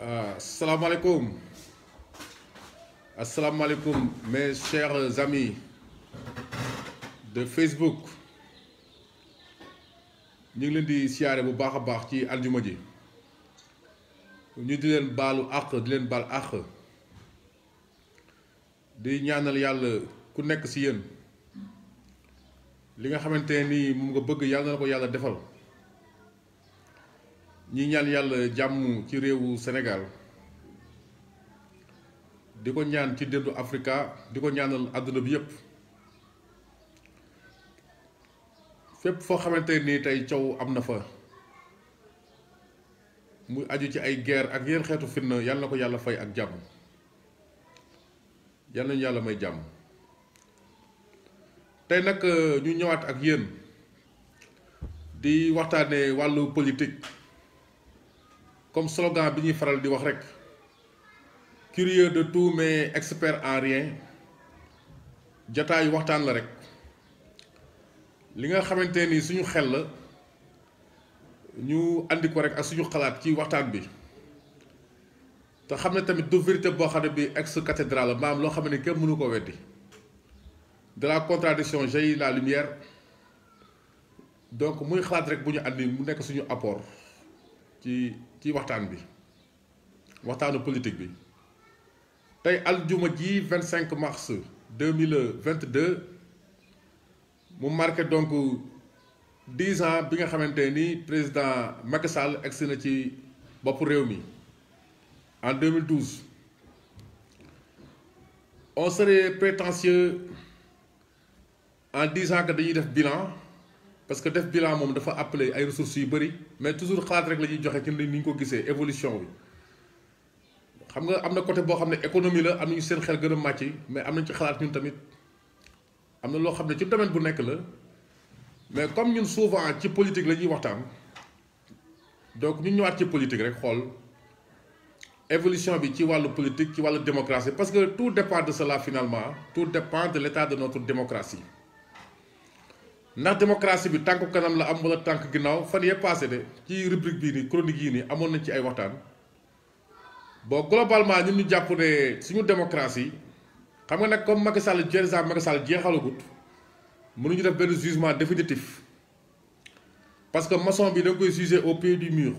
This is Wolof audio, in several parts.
Euh, Assalamu alaikum. Assalamu alaikum, mes chers amis de Facebook. nous sommes ici à bu Nous sommes ici ji ñu di leen Nous sommes ici di ñaanal yalla ku nekk ci li nga ñi ñaan yàlla jàmm ci réewu senegal di ko ñaan ci dëndu Afrika di ko ñaanal àdduna bi yépp fépp foo xamante ni tey coow am na fa muy aju ci ay guerre ak yenn xeetu fitna yàlla na ko yàlla fay ak jàmm yàlla nañu yàlla may jàmm tey nag euh, ñu ñëwaat ak yéen di waxtaanee wàllu politik comme slogan bi ñuy faral di wax rek curieux de tout mais expert en rien jotaay waxtaan la rek li nga xamante ni suñu xel la ñu andi ko rek ak suñu xalaat ci waxtaan bi te xam ne tamit du vérité boo xam ne bi ex cathédrale la maam loo xam ne kenn mënu ko weddi de la contradiction jaillit la lumière donc muy xalaat rek bu ñu andi mu nekk suñu apport qui est waxtaan bi waxtaanu politique bi tey ji 25 mars 2022 mu marqué donc 10 ans bi nga xamante président Macky Sall egsi na ci boppu réew mi en 2012 on serait prétentieux en disant que dañuy def bilan parce que def bilan mom dafa appeler ay ressources yu bëri mais toujours xalaat rek lañuy joxe ci niñ ko gisee évolution bi xam nga amna côté bo xamné économie la am ñu seen xel gën a màcc mais am ci xalaat ñun tamit amna lo xamné ci domaine bu nekk la mais comme ñun souvent ci politique la waxtaan donc ñu ñëwaat ci politique rek xol évolution bi ci walu politique ci walu démocratie parce que tout dépend de cela finalement tout dépend de l'état de notre démocratie ndax démocratie bi tank kanam la am wala tank ginnaw fan yee passé de ci rubrique bi ni chronique yi ni amoon nañ ci ay waxtaan bon globalement ñun ñu jàpp ne suñu démocratie xam nga nag comme Macky Sall Jerza Macky Sall jeexalagut mënuñu def benn jugement définitif parce que maçon bi da koy juger au pied du mur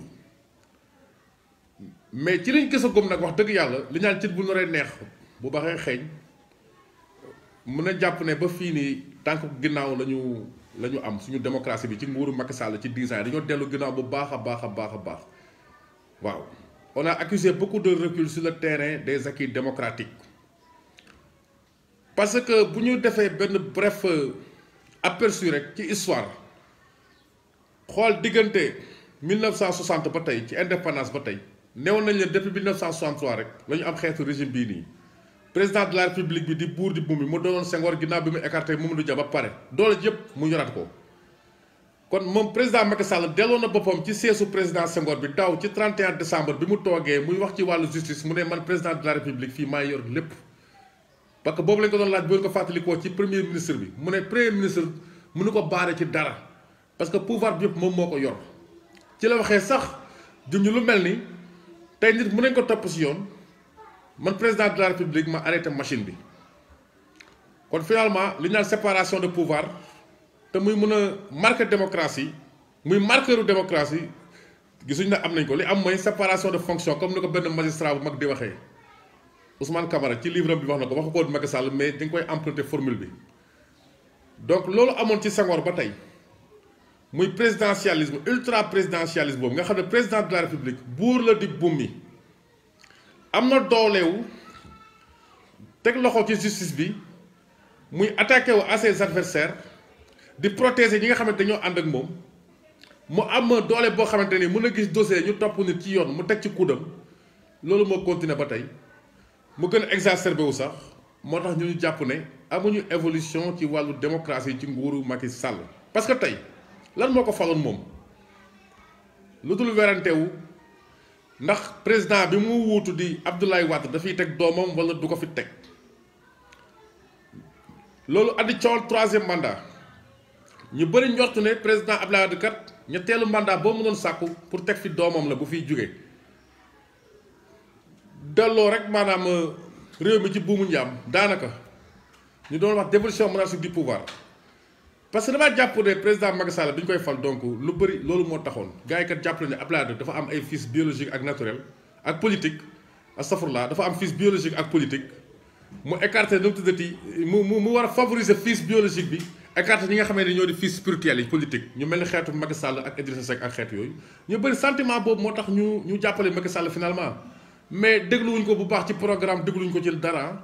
mais ci liñ gisagum nag wax dëgg yàlla li ñaan ci bu noree neex bu baxee xeeñ mën a jàpp ne ba fii nii tànk ginnaaw lañu lañu am suñu démocratie bi ci nguuru Macky Sall ci 10 ans dañu dellu ginnaaw bu baax a baax a baax a baax waaw on a accusé beaucoup de recul sur le terrain des acquis démocratiques parce que bu ñu defee benn bref euh, aperçu rek ci histoire xool diggante 1960 ba tey ci indépendance ba tey néew nañ le depuis 1963 rek la ñu am xeetu régime bii nii. président de la république bi di buur di buum bi mu doonoon Senghor ginnaaw bi mu écarté Mamadou Dia ba pare doole yëpp mu yoraat ko. kon moom président Macky Sall delloo na boppam ci seesu président Senghor bi daaw ci 31 décembre bi mu toogee muy wax ci wàllu justice mu ne man président de la république fii maa yor lépp. parce que boobu lañ ko doon laaj bu ko fàttalikoo ci premier ministre bi mu ne premier ministre mënu ko baare ci dara parce que pouvoir yëpp moom moo ko yor ci la waxee sax junj lu mel ni tey nit mën nañ ko topp si yoon. le président de la république ma arrêté machine bi kon finalement li séparation de pouvoir te muy marque a démocratie muy marqueuru démocratie il y a une am séparation de fonctions, comme le ko magistrat bu dit. di Ousmane Kamara, ci livre bi livre, il ko wax ko de Macky Sall mais il nga koy la formule bi donc ce amoon ci le ba bataille. muy présidentialisme ultra présidentialisme Vous savez, le président de la république buur le di am na doolewu teg loxo ci justice bi muy attaqué wu à ses adversaires di protéger ñi nga xamante ñoo ànd ak moom mu am doole boo xamante ni mën a gis dossier ñu topp nit ci yoon mu teg ci kuudam loolu moo continuer ba tey mu gën a exacerbé wu sax moo tax ñu jàpp ne amuñu évolution ci wàllu démocratie ci nguuru Macky Sall parce que tey lan moo ko faloon moom lu dul werante wu ndax président bi mu wuutu di Abdoulaye da fi tek domam wala du ko fi teg adi addi 3e mandat ñu bari ñortu ne président Abdoulaye Wade kat ñetteelu mandat bo mu don sakku pour tek fi domam la bu fi jóge delloo rek manam euh, rew mi ci buumu ñam danaka ñu doon wax dévolution monarchique du pouvoir parce que damaa jàpp ne président Macky bi ñu koy fal donc lu bëri loolu moo taxoon gars yi kat jàpp nañu ne dafa am ay fils biologique ak naturel ak politique astafurlah dafa am fils biologique ak politique mu écarté nu mu tuddati mu mu mu war a favoriser fils biologique bi écarté ñi nga xamee ne ñoo di fils spirituel yi politique ñu mel ni xeetu Macky Sall ak Idrissa Seck ak xeet yooyu ñu bëri sentiment boobu moo tax ñu ñu jàppale Macky Sall finalement mais dégluwuñ ko bu baax ci programme dégluwuñ ko ci dara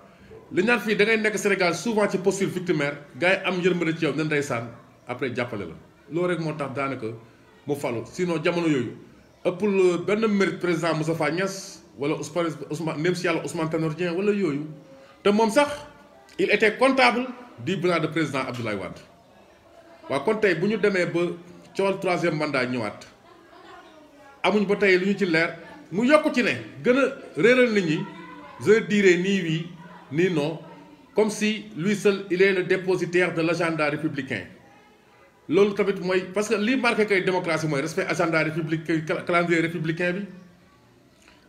li ñaan fii da ngay nekk Sénégal souvent ci posture victimaire gars yi am yërmande ci yow ne ndeysaan après jàppale la loolu rek moo tax daanaka mu falu sinon jamono yooyu ëppul euh, benn mérite président Moustapha ñas wala Ousmane Ousmane même si yàlla Ousmane Tanor Dieng wala yooyu te moom sax il était comptable di bilan de président Abdoulaye Wade waa kon tey bu ñu demee ba cool troisième mandat ñëwaat amuñ ba tey li ñu ci leer mu yokk ci ne gën a réeral nit ñi je dirais nii wii ni non, comme si lui seul, il est le dépositaire de l'agenda républicain. parce que li marqué que la démocratie, moi, respect agenda républicain, calendrier républicain,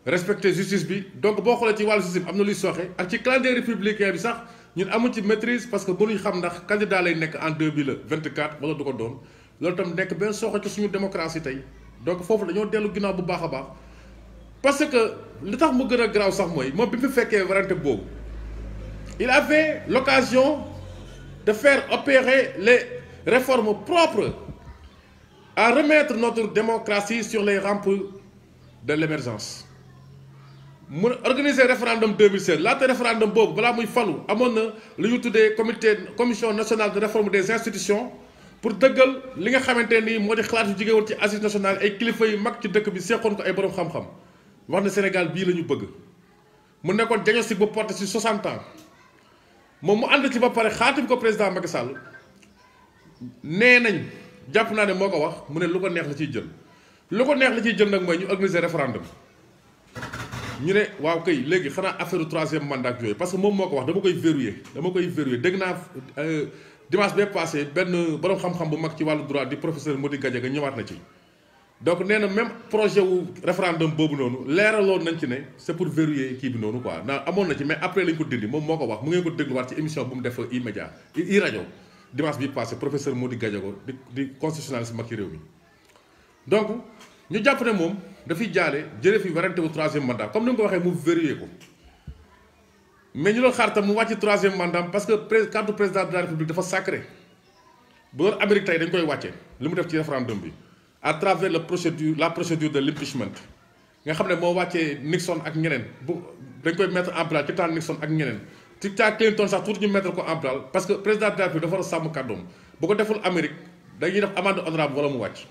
respecter justice. Donc, bon on regarde la justice, il y a des calendrier républicain, ñun amuñ ci maîtrise parce que mënuñ xam ndax candidat lay nekk en 2024 wala du ko doon loolu tam nek ben sooxe ci suñu démocratie tay. donc fofu dañu dellu ginnaaw bu baax a baax parce que le temps que gën a garaaw sax mooy moom bi mu fekkee warante il avait l'occasion de faire opérer les réformes propres à remettre notre démocratie sur les rampes de l'émergence Organiser le référendum 2016 référendum de là, il faut. lu commission nationale de réforme des institutions pour dëggal li nga xamante des moo di et ci assises nationales ay kilifa yu mag ci bi Sénégal diagnostic 60 ans moom mu ànd ci ba pare xaatim ko président Macky Sall nee nañ jàpp naa ne moo ko wax mu ne lu ko neex la ciy jël lu ko neex la ciy jël nag mooy ñu organiser référendum ñu ne waaw kay léegi xanaa affaire troisième mandat yooyu parce que moom moo ko wax dama koy verrouiller dama koy verrouiller dégg naa euh, dimanche bee passé benn borom xam-xam bu mag ci wàllu droit di professeur Mody Gadiaga ñëwaat na ci. donc nee na même projet wu référendum boobu noonu leeraloon nañ ci ne c'est pour verrouiller kii bi noonu quoi na amoon na ci mais après lañ ko dindi moom moo ko wax mu ngeen ko dégluwaat ci émission bu mu def i média i rajo dimanche bi passé professeur Mody Gadiago di di constitutionnaliste mag ci réew mi donc ñu jàpp ne moom dafay jaale jëlee fi warante wu troisième mandat comme ni nga ko waxee mu verrouiller ko mais ñu doon xaar mu wàcc troisième mandat parce que pré cadre président de la dafa sacré bu doon Amérique tey koy wàcce li mu def ci référendum bi à travers le procédure la procédure de l'impeachment nga xam ne moo Nixon ak ñeneen bu dañ koy mettre en place ci temps Nixon ak ñeneen ci temps Clinton sax tout ñu mettre ko en place parce que président de la République dafa war a sàmm kàddoom bu ko deful Amérique dañuy def amende honorable wala mu wàcc.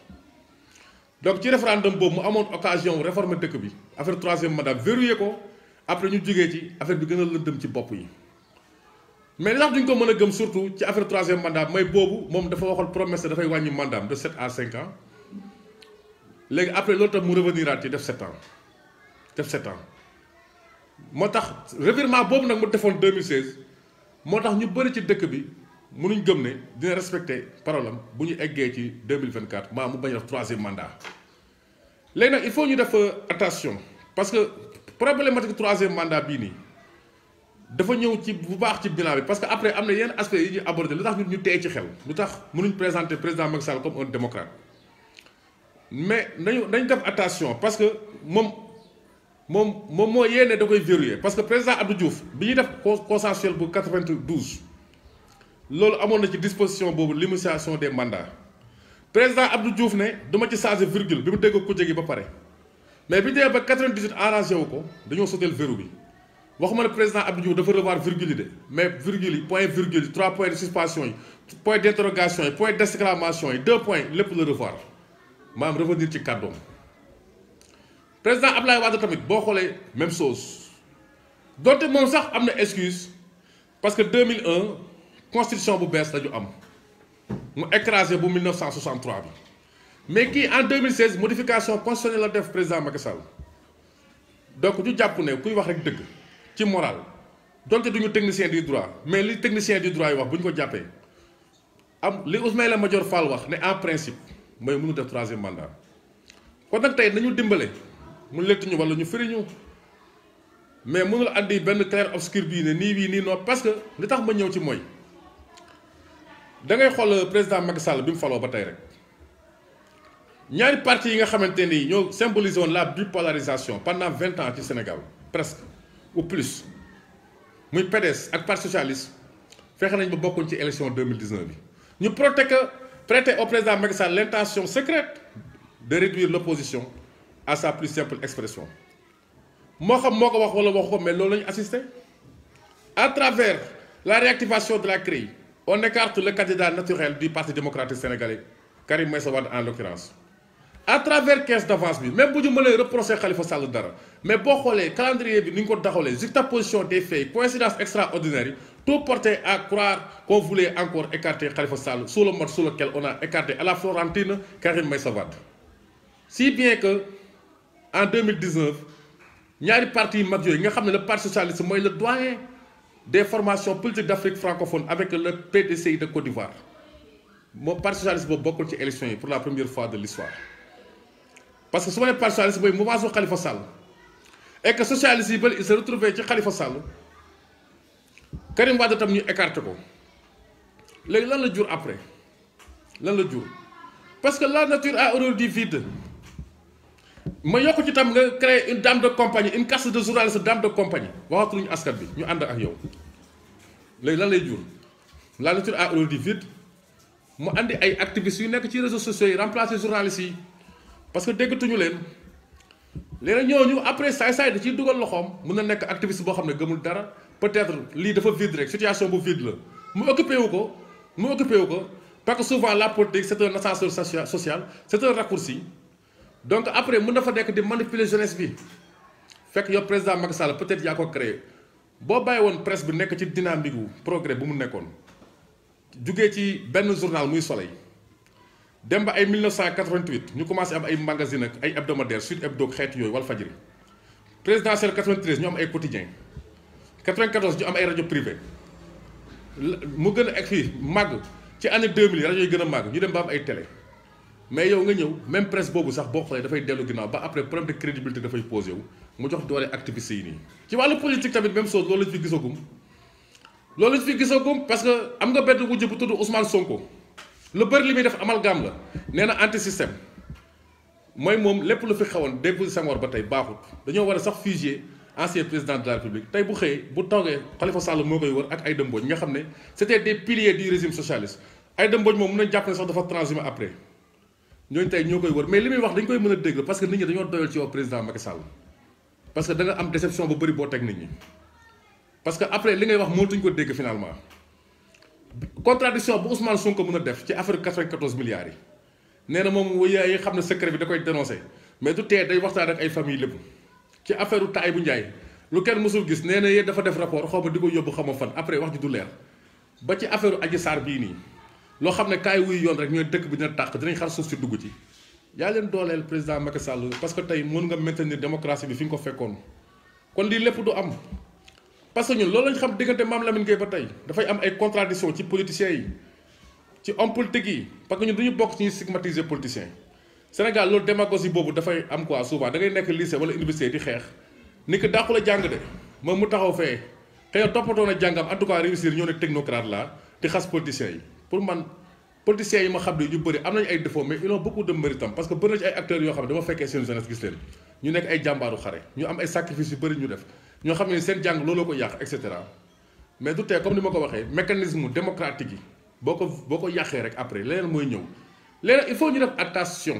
donc ci référendum boobu mu amoon occasion réformer dëkk bi affaire troisième mandat verrouillé ko après ñu jógee ci affaire bi gën a lëndëm ci bopp yi. mais li tax duñ ko mën gëm surtout ci affaire troisième mandat mooy boobu moom dafa waxoon promesse dafay wàññi mandat de 7 à 5 ans après l'autre, il reviendra, Je ci def ans 7 ans revirement que j'ai mu en 2016 Je suis ñu à ci dëkk bi mënuñ gëm 2024 je mu bañ a 3 troisième mandat il faut faire euh, attention parce que problématique troisième mandat il est dafa ci bu bilan parce qu'après, il y a des aspects qui nous, abordé Il tax ñu nous ci xel président Macky comme un démocrate mais nous devons faire attention parce que mon moyen est de verrouiller parce que président Abdou Diouf il def consensuel pour 92 loolu ce na ci disposition pour limitation des mandats président Abdou Diouf ne a ci changer virgule bi mu dégg kujje gi ba pare mais bi ñu ba 98 arrangé a ko dañoo virgule. verrou bi waxuma le président Abdou Diouf devrait revoir virgule mais virgule point virgule trois points de suspension point d'interrogation, point d'exclamation et deux points peut le revoir maanaam revenir ci Le président Ablaye Wadou tamit la même chose Donc, am excuse parce que 2001 constitution a elle am écrasé 1963 mais en 2016 modification constitutionnelle la président Macky donc les moral technicien du droit mais li technicien du droit wax bu ko principe. Mais dans def troisième mandat Quand nous sommes ñu nous ñu nous mais mënul andi Ben clair obscur bi le ni parce que li tax ma ci da ngay le président Macky Sall fait falo ba rek ñaari parti yi nga la bipolarisation pendant 20 ans au Sénégal presque ou plus muy PDS ak parti socialiste nañ ba bokku ci élection bi prêter au président Macky Sall l'intention secrète de réduire l'opposition à sa plus simple expression ne xam pas wax wala mais loolu lañu assisté à travers la réactivation de la crise, on écarte le candidat naturel du parti démocratique sénégalais Karim Mesawad en l'occurrence à travers caisse d'avance même bu ñu mënee reprocher Khalifa Sall mais boo le calendrier bi ni juxtaposition des faits coïncidence extraordinaire tout portait à croire qu'on voulait encore écarter Khalifa Sall sous le mode sur lequel on a écarté à la Florentine Karim Maïsavad. Si bien que, en 2019, ñaari parti Madiou, parti nga a le parti socialiste le doyen des formations politiques d'Afrique francophone avec le PDCI de Côte d'Ivoire le parti socialiste a beaucoup ci pour la première fois de l'histoire parce que ce parti socialiste est mouvement Khalifa Sall et que socialiste il se retrouvent ci Khalifa Karim Wade tam ñu écarté ko léegi lan la jur après lan la jur parce que la nature a horreur du vide ma yokk ci tam nga créer une dame de compagnie une caste de journaliste dame de compagnie waxatuñu askan bi ñu ànd ak yow léegi lan lay jur la nature a horreur du vide mu àndi ay activistes yu nekk ci réseaux sociaux yi remplacer journalistes yi parce que déggatuñu leen léeg-léeg ñu après saay saay di ciy dugal loxoom mun na nekk activiste boo xam ne gëmul dara. peut-être que dafa vide rek situation bu vide la mu occupé wu ko mu occupé parce que souvent la politique c'est un ascenseur social c'est un raccourci donc après mën na fa pas di manipuler jeunesse bi que le président Macky Sall peut-être yaa ko créé vous avez une presse bi nek ci dynamique un progrès bu mu nekkoon jugee ci un journal muy soleil dem ba ay 1988 ñu commencé am ay magazine ak ay hebdomadaire Sud Hebdo le Wal Walfadjri présidentielle 93 ñu am ay quotidien 94 ñu am ay rajo privé mu gën a egg fii màgg ci année 2000 rajo yi gën a màgg ñu dem ba am ay télé mais yow nga ñëw même presse boobu sax boo xoolee dafay dellu ginnaaw ba après problème de crédibilité dafay posé wu mu jox doole activiste yi nii. ci wàllu politique tamit même chose loolu lañ fi gisagum loolu lañ fi gisagum parce que am nga benn wujj bu tudd Ousmane Sonko lu bëri li muy def amal gam la nee na anti système mooy moom lépp lu fi xawoon depuis Senghor ba tey baaxut dañoo war a sax fusiller. ancien président de la république tey bu xëyee bu toogee Khalifa Sall moo koy wër ak Aïda Mbodj nga xam ne c'était des piliers du régime socialiste Aïda Mbodj moom mën a jàpp ne sax dafa transhumé après ñooñu tey ñoo koy wër mais li muy wax dañ koy mën a dégg parce que nit ñi dañoo doyal ci yow président Macky Sall parce que da am déception bu bëri boo teg nit ñi parce que après li ngay wax mënatuñ ko dégg finalement contradiction bu Ousmane ko mën a def ci affaire 94 milliards yi nee na moom yaay bi da koy dénoncé mais du tee day waxtaan ay famille ci affaire u bu Ndiaye lu kenn mësul gis nee na yéen dafa def rapport xaw ma di ko yóbbu xaw ma fan après wax ji du leer ba ci affaire u Adji bii nii loo xam ne kaay wuy yoon rek ñooy dëkk bi dina tàq dinañ xar suuf si dugg ci yaa leen dooleel président Macky Sall parce que tey mën nga maintenir démocratie bi fi nga ko fekkoon kon lii lépp du am parce que ñun loolu lañ xam diggante Mame Lamine Gueye ba tey dafay am ay contradiction ci politiciens yi ci homme politique bokk ci ñuy stigmatiser politiciens yi Sénégal loolu démagogie boobu dafay am quoi souvent da ngay nekk lycée wala université di xeex ni ko dàqu la jàng de moom mu taxaw fee xëy toppatoo na jàngam en tout cas réussir ñoo ne technocrate la di xas politiciens yi pour man politiciens yi ma xam ne ñu bëri am nañu ay défauts mais ils ont beaucoup de mérite tam parce que bëri na ci ay acteurs yoo xam ne dama fekkee seen jeunesse gis leen ñu nekk ay jàmbaaru xare ñu am ay sacrifices yu bëri ñu def ñoo xam ne seen jàng looloo ko yàq cetera mais du tee ni ma ko waxee mécanisme démocratique yi boo ko boo ko yàqee rek après leneen mooy ñëw leneen il faut ñu def attention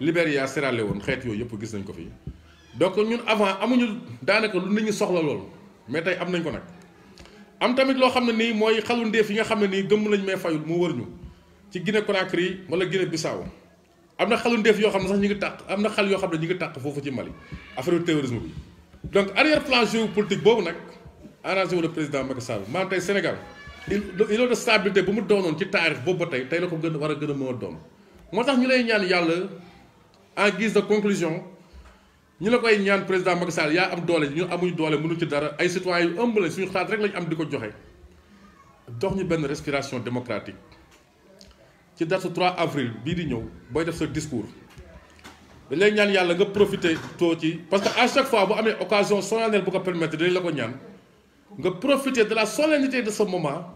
Libéria Sierra Leone xet yooyu yëpp gis nañ ko fi donc ñun avant amuñu danaka lu nit ñi soxla lool mais tay am nañ ko nak am tamit lo xam ni moy mooy xalu ndeef yi nga xam ne nii gëmm may fayul mu wër ñu ci Guinée Conakry wala Guinée Bissau amna na xalu ndeef yoo xam sax ñi ngi tak amna xal yo xam ñi ngi tak fofu ci Mali affaire terrorisme bi donc arrière plan géopolitique bobu nak arrangé wu le président Macky Sall maanaam tay Sénégal îlot de stabilité bu mu doonon ci taarix bobu tay tay la ko gën wara gëna mo doon motax ñu lay ñaan yalla en guise de conclusion ñu la koy ñaan président Macky Sall yaa am doole ñu amuñu doole mënu ci dara ay citoyens yu ëmb la suñu xalaat rek lañu am di ko dox ñu respiration démocratique ci date 3 avril bii di ñëw booy def ce discours dañ lay ñaan yàlla nga de too ci parce qu'à chaque fois bu amee occasion solennelle bu ko permettre dañ la ko ñaan nga profiter de la solennité de ce moment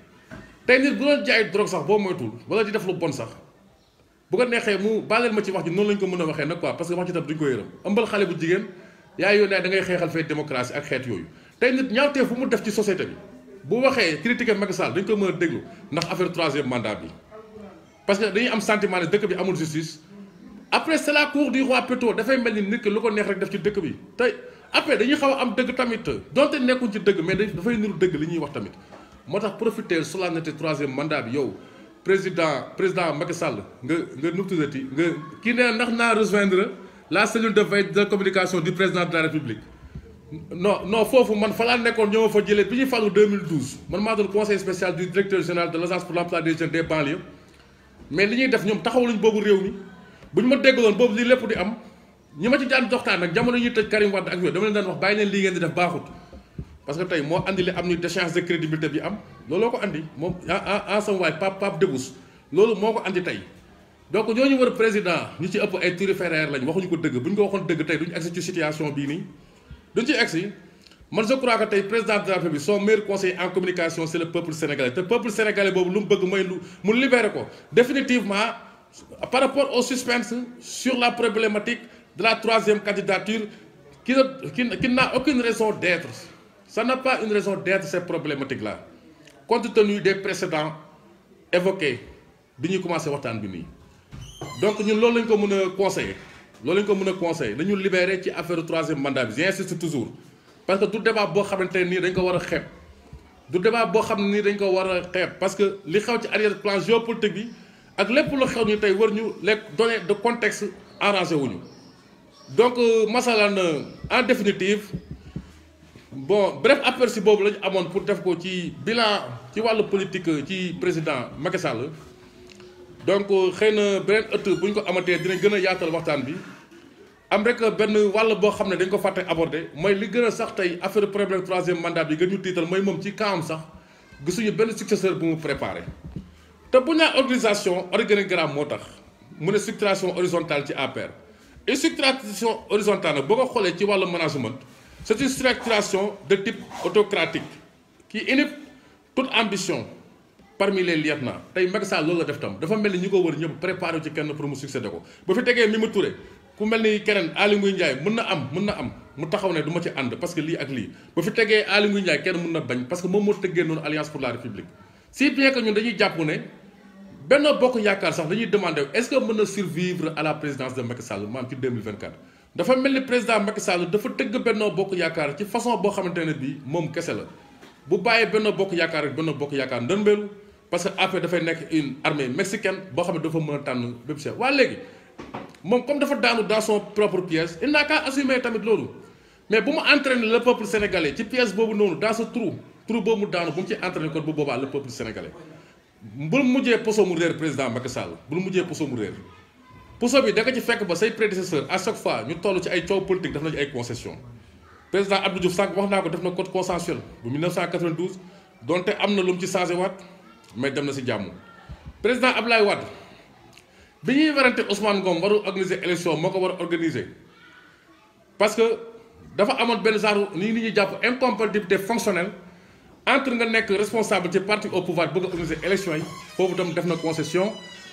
tay nit bu doon jaay drogue sax bo moytul wala di def lu bon sax bu ko nexé mu balel ma ci wax ji non lañ ko mëna waxé nak quoi parce que wax ci tam duñ ko yëram ëmbal xalé bu jigéen yaay né da ngay xéxal fé démocratie ak xéet yoyu tay nit té fu mu def ci société bi bu waxé critiquer Macky Sall duñ ko mëna déglu ndax affaire 3e mandat bi parce que dañuy am sentiment né dëkk bi amul justice après cela cour du roi peto da fay melni nit ki lu ko neex rek def ci dëkk bi tay après dañuy xaw am dëgg tamit donte nekkun ci dëgg mais fay niru dëgg li ñuy wax tamit moo tax profiter solennité troisième mandat bi président président Macky Sall nga nga nubtudati nga kii nee ndax naa rejoindre la cellule de veille de communication du président de la république non non foofu man fa laa nekkoon ñoo ma fa jëlee bi ñu 2012 man m'a doon conseil spécial du directeur général de l'agence pour l' emploi des jeunes des banlieues mais li ñuy def ñoom taxawaluñ boobu réew mi bu ñu ma déggaloon boobu lii lépp di am ñi ma ci daan doxtaan nag jamono ñuy tëj Karim Wade ak yooyu dama leen daan wax bàyyi leen lii ngeen di def baaxut parce que tay mo andi li am de crédibilité bi am ko andi en somme Pape loolu donc président ñu ci lañ ko ko situation je crois que tay président de la République son meilleur conseil en communication c'est le peuple sénégalais te peuple sénégalais lu bëgg définitivement par rapport au suspense sur la problématique de la troisième candidature qui n'a aucune raison d'être... Ça n'a pas une raison d'être cette problématique là Compte tenu des précédents évoqués, nous commencé à Donc nous, nous avons le conseil. Nous avons le conseil. Nous libérer l'affaire affaire du troisième mandat. J'insiste toujours. Parce que tout débat est important. Nous avons du débat boo xam ne nii dañ ko war a faire... parce que li xew ci arrière plan géopolitique bi ak lépp lu xew ñu tey war ñu les données de contexte arrangé wuñu donc euh, en définitive bon bref aperçu bobu la amone pour def ko ci bilan ci wàllu politique ci président Macky Sall donc xëy na beneen buñ ko amaté dina gëna a yaatal waxtaan bi am rek ben wàll bo xamné dañ ko faté aborder moy li gëna sax tay affaire problème troisième mandat bi gëñu ñu moy mom ci kaam sax gisuñu ben successeur bu mu préparer té bu ñaa organisation organigramme motax mu né structuration horizontale ci APR et structuration horizontale bu ko xolé ci wàllu management. C'est une structuration de type autocratique qui élimine toute ambition parmi les lieutenants tey Macky Sall loolu la def tam dafa mel ni wër ñëpp préparé ci kenn pour mu succédé ko ba fi tegee Mimi Touré ku melni ni keneen Aly Ngouille Ndiaye am mën am mu taxaw ne duma ci and parce que li ak li bu fi tegee Aly Ngouille Ndiaye kenn mën bañ parce que moom moo tëggee noonu alliance pour la république si bien que ñun dañuy jàpp ne Benno Bokk Yaakaar sax dañuy demander est-ce que mën survivre à la présidence de Macky Sall maam ci 2024 dafa mel ni président Macky saal dafa tëgg Benno Bokk Yaakaar ci façon boo xamante ne bii moom kese la bu bàyyee Benno Bokk Yaakaar ak Benno Bokk Yaakaar ndëmbeelu parce que après dafay nekk une armée mexicaine boo xam ne dafa mën a tànn bépp waa léegi moom comme dafa daanu dans son propre piège il n'a qu'à assumer tamit loolu mais bu mu entraîner le peuple sénégalais ci piège boobu noonu dans ce trou trou boobu mu daanu bu mu ci entraîner kon bu boobaa le peuple sénégalais bul mujjee président Macky Sall bul mujjee poso mu Pour bi da nga ci fekk ba say prédécesseurs, à chaque fois nous avons ci ay coow politique def na ay président Abdou Diouf a fait naa ko code consensuel bu 1992 dont il a fait un ci de waat mais dem na si jàmm président Ablaye Wade bi ñuy werante Ousmane Ngom waru organiser élection moo ko war organiser parce que dafa amoon benn genre nii ni ñuy jàpp incompatibilité fonctionnelle entre nga responsables responsable ci parti au pouvoir bëgg organiser élection yi a fait une concession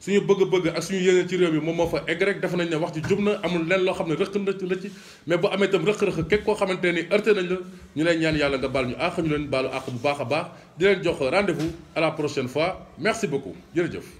suñu bëgg-bëgg ak suñu ci réew mi moom moo fa rek def nañ ne wax ci jub amul lenn mais bu amee vu rëq-rëq képp koo xamante ni heurté nañ la ñu lay ñaan yàlla nga baal ñu bu baax di rendez-vous à la prochaine fois merci beaucoup jërëjëf